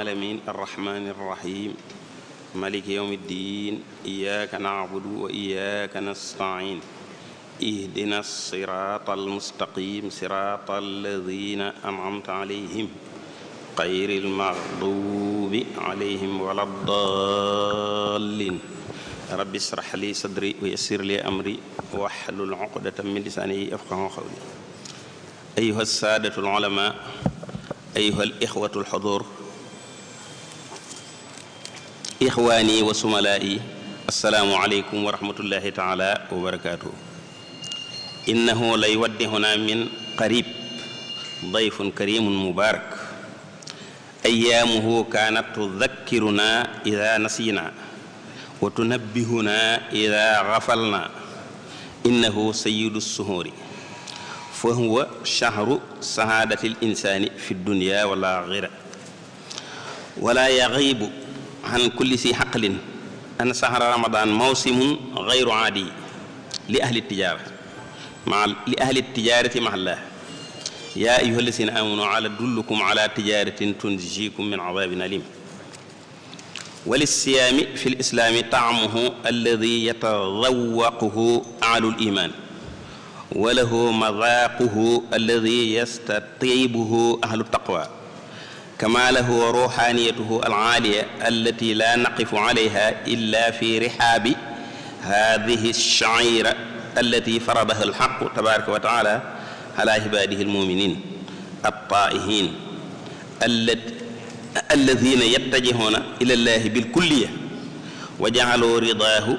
العالمين الرحمن الرحيم مالك يوم الدين إياك نعبد وإياك نستعين اهدنا الصراط المستقيم صراط الذين أنعمت عليهم غير المغضوب عليهم ولا الضالين رب اشرح لي صدري ويسر لي أمري واحلل عقدة من لساني يفقهوا قولي أيها السادة العلماء أيها الإخوة الحضور ixwaani wa sumalaa'i assalaamu aleykum wa rahmatullahi taala wa barakaatuhu innahu la yuwaddihuna min qarib dayfun karimun mubarak ayyaamuhu kaanat tudakkiruna ida nasina wa tunabbihuna ida gafalna innahu sayidu suhuuri fa huwa shahru sahaadati l insaani fi dunya wala ghira wala yaxiibu an kulli si xaqlin an sahra ramadan mawsimun gayru aadi li ahli tijaara ma li ahli tijaarati mahalla yaa ayuha alladina amanu ala dullukum ala tijaratin tunjikum min adabin alim wa lisiyaami fi lislaami taamuhu alladi yatazawaquhu aalu liman wa lahu madaaquhu alladi yastatiibuhu ahlu taqwa kamaalahu wa ruuxaaniyatuhu alcaaliya allati laa naqifu calayha illa fi rixaabi haadihi alshaciira allati faradaha alxaqu tabaraka wa taala ala cibaadihi almuminin attaa'ihin allazina yattajihuuna ila llaahi bilkulliya wa jacaluu ridaahu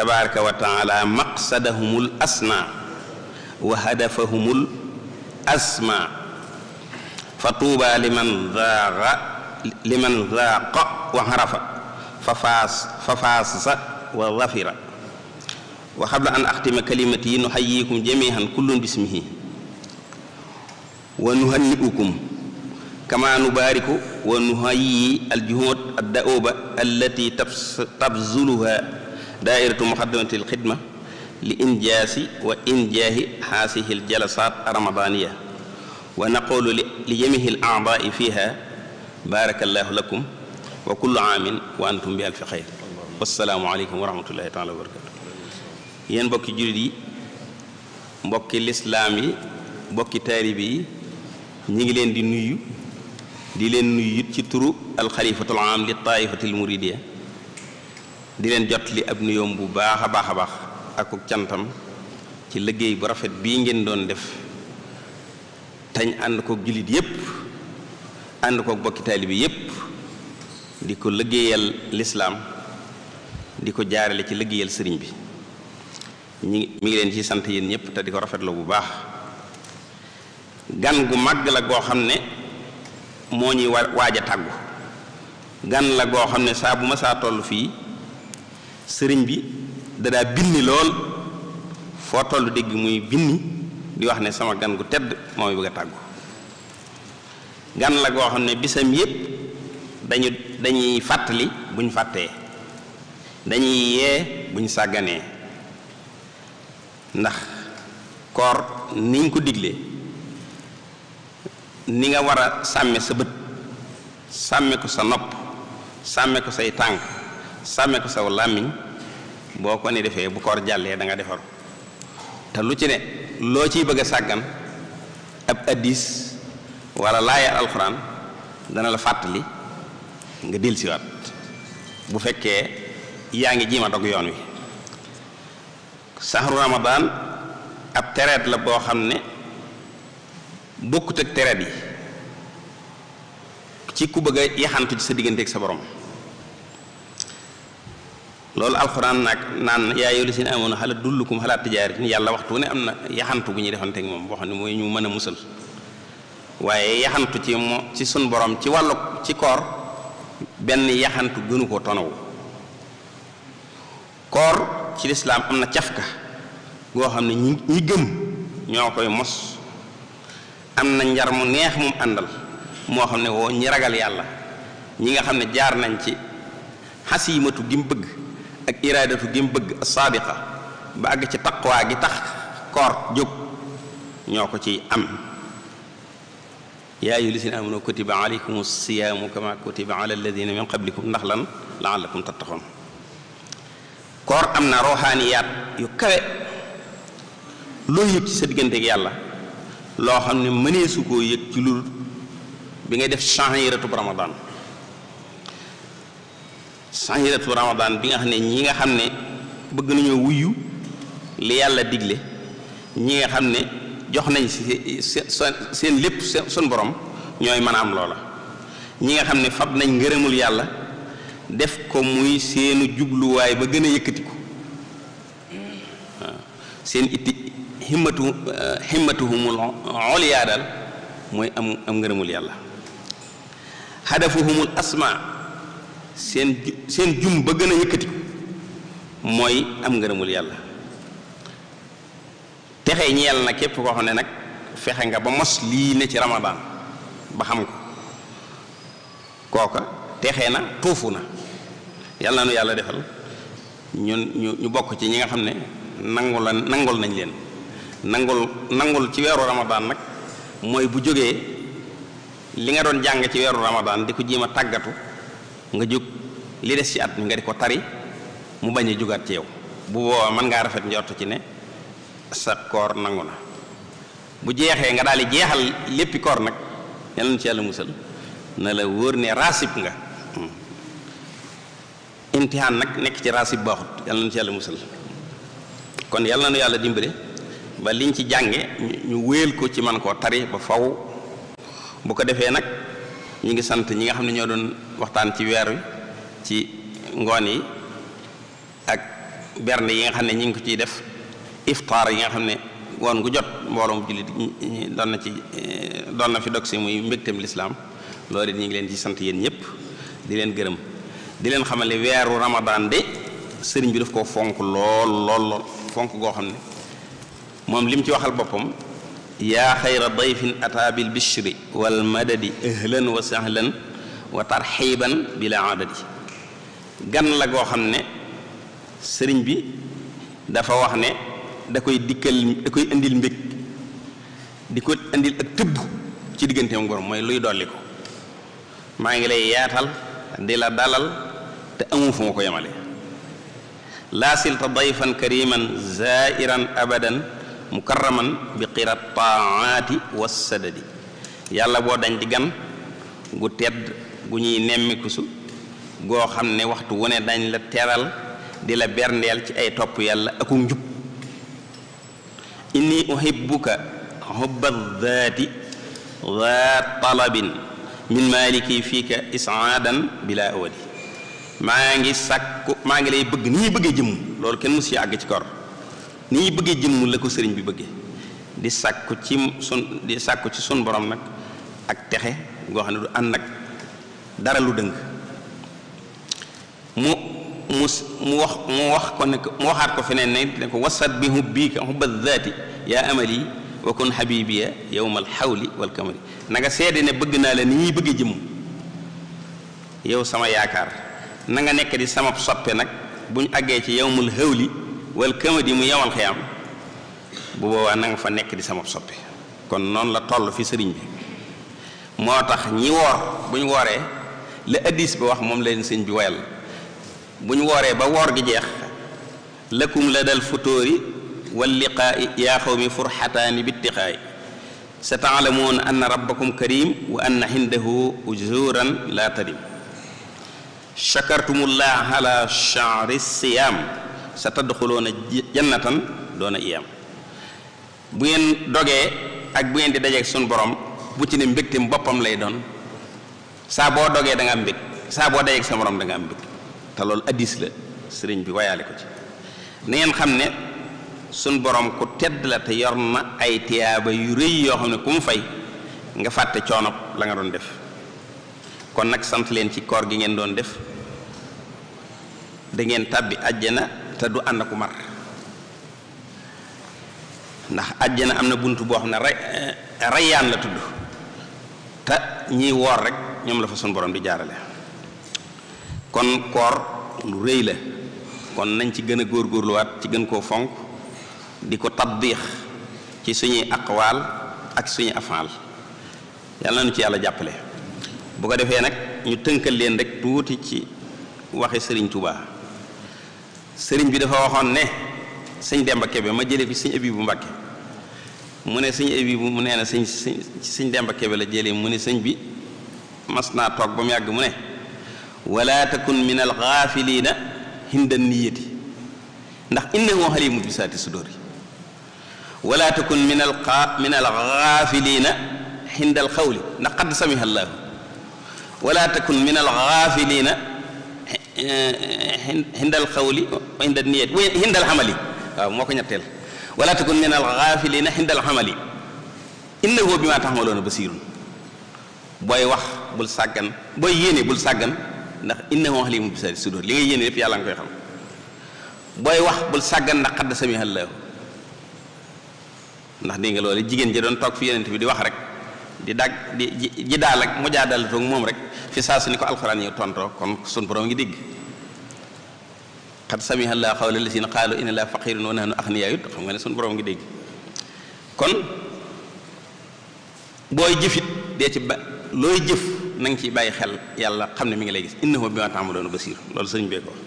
tabaraka wa taala maqsadahum al asnaa wa hadafahum al asmaa fa tuuba liman zaaqa liman zaaqa wa harafa fa faas fa faasa wa zafira wa qabla an axtima kalimati nuxayikum jamihan kullun bismihi wa nuhanni'ukum kama nubaariku wa nuhayi aljuhud adda'uba allati tabzuluha daairatu muxaddamati alxidma li injaasi wa injaahi haasihi aljalasat ramadaniya wa naqulu li jamihi al aadaai fiha baarakallahu lakum wa kullu aamin wa antum bi alfi xayr wassalaamu aleykum wa rahmatullahi taala wa barakatu yéen yi mbokki lislaam yi mbokki ngi leen di nuyyu di leen nuyu ci turu alxalifatul am li taifatil muridiya di leen jot li ab nuyoom bu baax a baax a baax ak cantam ci liggéey bu rafet bii ngeen doon def tañ ànd kook jullit yépp ànd kook bokki taalibi yépp di ko liggéeyal lislaam di ko jaarale ci liggéeyal sëriñ bi ñi mi ngi leen ci sant yéen ñëpp te di ko rafetlu bu baax gan gu màgg la goo xam ne moo ñuy wa a tàggu gan la goo xam ne saa bu ma saa toll fii sëriñ bi dadaa binni lool foo toll dégg muy binni di wax ne sama gan gu tedd mooy bëgg a tàggu gan la goo xam ne bisam yépp dañu dañuy fàttali buñ fàttee dañuy yee buñ sàgganee ndax koor niñ ko diglee ni nga war a sàmme sa bët sàmme ko sa nopp sàmme ko say tànk sàmme ko saw làmmiñ boo ko ne defee bu koor jàllee da nga defaru te lu ci ne loo ciy bëgg sàggan ab addis wala laaya alxuraan dana la fàttali nga dellusiwaat bu fekkee yaa ngi jiima dog yoon wi saxaru ramadan ab tereet la boo xam ne bokkut ak tereet yi ci ku bëgg a yaxantu ci sa diggante ak sa borom loolu alxuraan nag naan yaay yaa ayyuhal lazina aamanu hal adullukum alaa tijaaratin yàlla waxtu ne am na yaxantu bu ñu defanteeg moom boo xam ne mooy ñu mën a musal waaye yaxantu ci mo ci sun borom ci wàllu ci koor benn yaxantu gënu ko tonawu koor ci lislaam am na cafka goo xam ne ñi ñi gëm ñoo koy mos am na njar mu neex mu àndal moo xam ne woo ñi ragal yàlla ñi nga xam ne jaar nañ ci xasiimatu gi mu bëgg ak iraadatu gi mu bëgg saabiqa ba àgg ci taqwaa gi tax koor jóg ñoo ko ciy am yaa ayyuha lladiina aamanu kutiba alaykumu siyaamu kama kutiba ala alladiina min qablikum ndax lan laallakum tattaxoon koor am na roxaaniyaat yu kawe loo yëg ci sa diggante ak yàlla loo xam ne mëneesu koo yëg ci lul bi nga def sha'iratu ramadan sahiratu ramadan bi nga xam ne ñi nga xam ne bëgg nañoo wuyu li yàlla digle ñi nga xam ne jox nañ seen lépp sun borom ñooy mën a am loola ñi nga xam ne fab nañ ngërëmul yàlla def ko muy seenu jubluwaay ba gën a yëkkatiku seen itti himmatu himmatuhumul oliyaa daal mooy am am ngërëmul yàlla hadafuhumul asma seen seen jum ba gën a yëkkati mooy am ngërëmul yàlla texe ñeel na képp koo xam ne nag fexe nga ba mos lii ne ci ramadaan ba xam ko kooka texe na tuufu na yàlla na nu yàlla defal ñun ñu ñu bokk ci ñi nga xam ne nangu la nangul nañ leen nangul nangul ci weeru ramadaan nag mooy bu jógee li nga doon jàng ci weeru ramadaan di ko jéem a tàggatu nga jóg li des ci at mi nga di ko tari mu bañ a jógaat ci yow bu boobaa mën ngaa rafet njort ci ne sa koor nangu na bu jeexee nga daal di jeexal léppi koor nag yal na ci yàlla musal na la wóor ne raasib nga hmm. imtihaan nag nekk ci raasib baaxut yal na ci yàlla musal kon yal na nu yàlla dimbale ba liñ ci jànge ñu wéyal ko ci man koo tari ba faw bu ko defee nag ñu ngi sant ñi nga xam ne ñoo doon waxtaan ci weer ci ngoon yi ak berne yi nga xam ne ñu ngi ko ciy def iftaar yi nga xam ne ngoon gu jot mbooloo mu jullit doon na ci eh, doon na fi dog si muy mbégteem lislaam lool it ñu ngi leen ci sant yéen ñëpp di leen gërëm di leen xamale weeru ramadaan de sëriñ bi daf ko fonk lool lool fonk goo xam ne moom li ci waxal boppam yaa xayra dayfin ataa bil bishri wal madadi ahlan wa sahlan wa tarxiiban bila adadi gan la goo xam ne sëriñ bi dafa wax ne da koy dikkal da koy indil mbég di ko indil ak tëbb ci digganteem borom mooy luy dolli ko maa ngi lay yaatal di la dalal te amu fu ma ko yemale laa silta dayfan kariman zairan abadan mukarraman bi qirat taaati wassadadi yàlla boo dañ di gan gu tedd gu ñuy nemmikusu goo xam ne waxtu wu ne dañ la teral di la berndeel ci ay topp yàlla akum njub inni uhibbuka hubba dhaati dhat talabin min maliki fiika isaadan bila awadi maa ngi sàkku maa ngi lay bëgg ni ñuy bëggee jëmm loolu kenn musi àgg ci kor ni ñuy bëggee jëmm la ko sëriñ bi bëggee di sàkku ci sun di borom nag ak texe goo xam ne du ànd ak dara lu dëng mu mu mu wax mu wax ko ne mu waxaat ko feneen ne ne ko wasat bi hubbiika hubba zaati yaa amali wa kun habibiya yowma alxawli walkamari na nga seede ne bëgg naa la ni ñuy bëgg jëm yow sama yaakaar nanga nga nekk di sama soppe nag bu ñu àggee ci yowmul xawli walkamari mu yowal xiyaam bu boobaa na nga fa nekk di sama soppe kon noonu la toll fi sëriñ bi moo tax ñi woor bu ñu wooree la hadiis ba wax moom leen sëñ bi woyal bu ñu wooree ba woor gi jeex lakum la dal futóori wal yaa xawmi furxataani bittiqaa'i sa taalamuun anna rabbakum karim wa anna indahu ujuran laa tadim chakartumullah ala chahri siyaam sa tadxuloona jannatan doona iyaam bu ngeen dogee ak bu ngeen di dajeeg suñu borom bu ci ne mbégtem boppam lay doon saa boo dogee danga nga am mbég saa boo dayeg sa morom da nga am mbég te loolu addis la sëriñ bi wayaale ko ci na xam ne suñ borom ku tedd la te yor na ay tiyaaba yu rëy yoo xam ne ku mu fay nga fàtte coonob la nga doon def kon nag sant leen ci koor gi ngeen doon def da ngeen tàbbi àjjana te du ànd ak ku mar ndax àjjana am na bunt boo xam ne rayaan la tudd te ñiy woor rek ñoom la fa suñu borom di jaarale kon koor lu rëy la kon nañ ci gën a góor góorgóorluwaat ci gën koo fonk di ko tatbiix ci suñuy aqwaal ak suñuy afaal yàlla na nu ci yàlla jàppale bu ko defee nag ñu tënkal leen rek tuuti ci waxe sëriñ Touba sëriñ bi dafa waxoon ne sëñ Demba Kebe ma jële fi sëñ Abibu Mbàkke mu ne sëñ Abibu mu nee na sëñ sëñ Demba Kebe la jëlee mu ne sëñ bi mas naa toog ba mu yàgg mu ne wala takun min alxaafilina hinda niyati ndax innahu xalimu bi saati sudóor yi min al min alxaafilina hinda alxawli ndax qad samiha allaahu wala takun min alxaafilina hinda alxawli hinda niyati hinda alxamali waaw moo ko ñetteel min alxaafilina hinda alxamali innahu bi ma taxmaloona basirun booy wax bul sàggan booy yéene bul sàggan ndax innahu alimun bi zaati sudur li ngay yéene lépp yàlla nga koy xam booy wax bul sàggan ndax xadd sami allahu ndax dégg nga loolu jigéen ji doon toog fi yonent bi di wax rek di dag di ji daal ak mu jaadal toog moom rek fi saa su ni ko alxuraan yi tontoo kon sun borom ngi dégg xad samiha allah qawla alladina qaalu inna laa faqirun wa nahnu axniyaayut xam nga ne sun borom ngi dégg kon booy jëfit dee looy jëf na nga ciy bàyyi xel yàlla xam ne mu ngi lay gis innahu bimaa ta'maluuna basiir loolu sëñ bee ko wax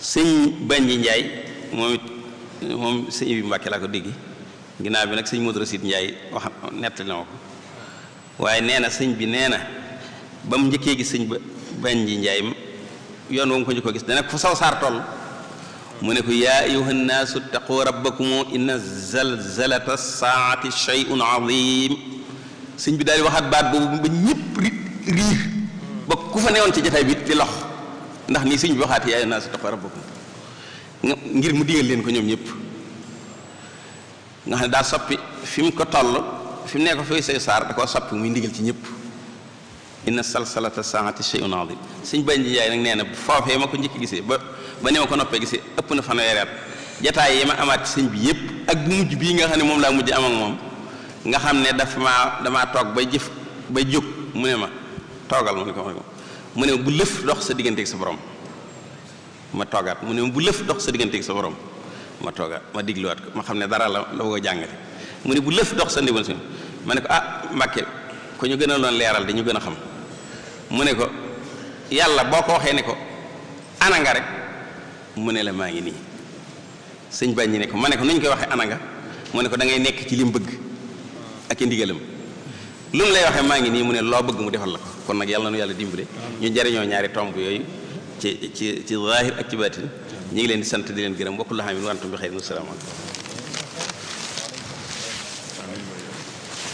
sëñ Banji Njaay moom it moom sëñ bi Mbàkke laa ko dégg ginnaaw bi nag sëñ Modou Racide Njaay wax nee na sëñ bi nee na ba mu njëkkee gis sëñ Banji Njaay yoon woo ko njëkkoo gis dana ko saw saar toll mu ne ko yaa ayyuhan naasu ttaqu rabbakum inna zalzalata saa'ati shay'un 'aziim sëñ bi daal di waxaat baat boobu ba ñëpp riir ba ku fa newoon ci jataay bi di lox ndax ni siñ bi waxaat yaay naa si taqwa rabbakum ngir mu digal leen ko ñoom ñëpp nga xam ne daa soppi fi mu ko toll fi mu nekk fay say saar da koo soppi muy ndigal ci ñëpp inna salsalata saati shay'un azim sëñ bañ ji yaay nag nee na foofee ma ko njëkk gisee ba ba ne ma ko noppee gisee ëpp na fanweeri at jataay yi ma amaat ci sëñ bi yëpp ak bu mujj bii nga xam ne laa mujj am moom nga xam ne daf ma damaa toog ba jëf ba jóg mu ne ma toogal mu ne ko mu ne ma bu lëf dox sa digganteeg sa borom ma toogaat mu ne ma bu lëf dox sa digganteeg sa borom ma toogaat ma digluwaat ko ma xam ne dara la la bëgg jàngale mu ne bu lëf dox sa ndimbal suñu ma ne ko ah Mbàkke ko ñu gën a loon leeral dañu gën a xam mu ne ko yàlla boo ko waxee ne ko ana rek mu ne la maa ngi nii sëñ bàññi ne ko ma ne ko nu ñu koy waxee ana mu ne ko da ngay nekk ci li mu bëgg ak i ndigalam lu lay waxee maa ngi nii mu ne loo bëgg mu defal la kon nag yàlla na nu yàlla dimbale ñu jariñoo ñaari tomb yooyu ci ci ci zaahir ak ci baatin ñu ngi leen sant di leen gërëm mbokk la xam ne wantum bi xëy na salaamaaleykum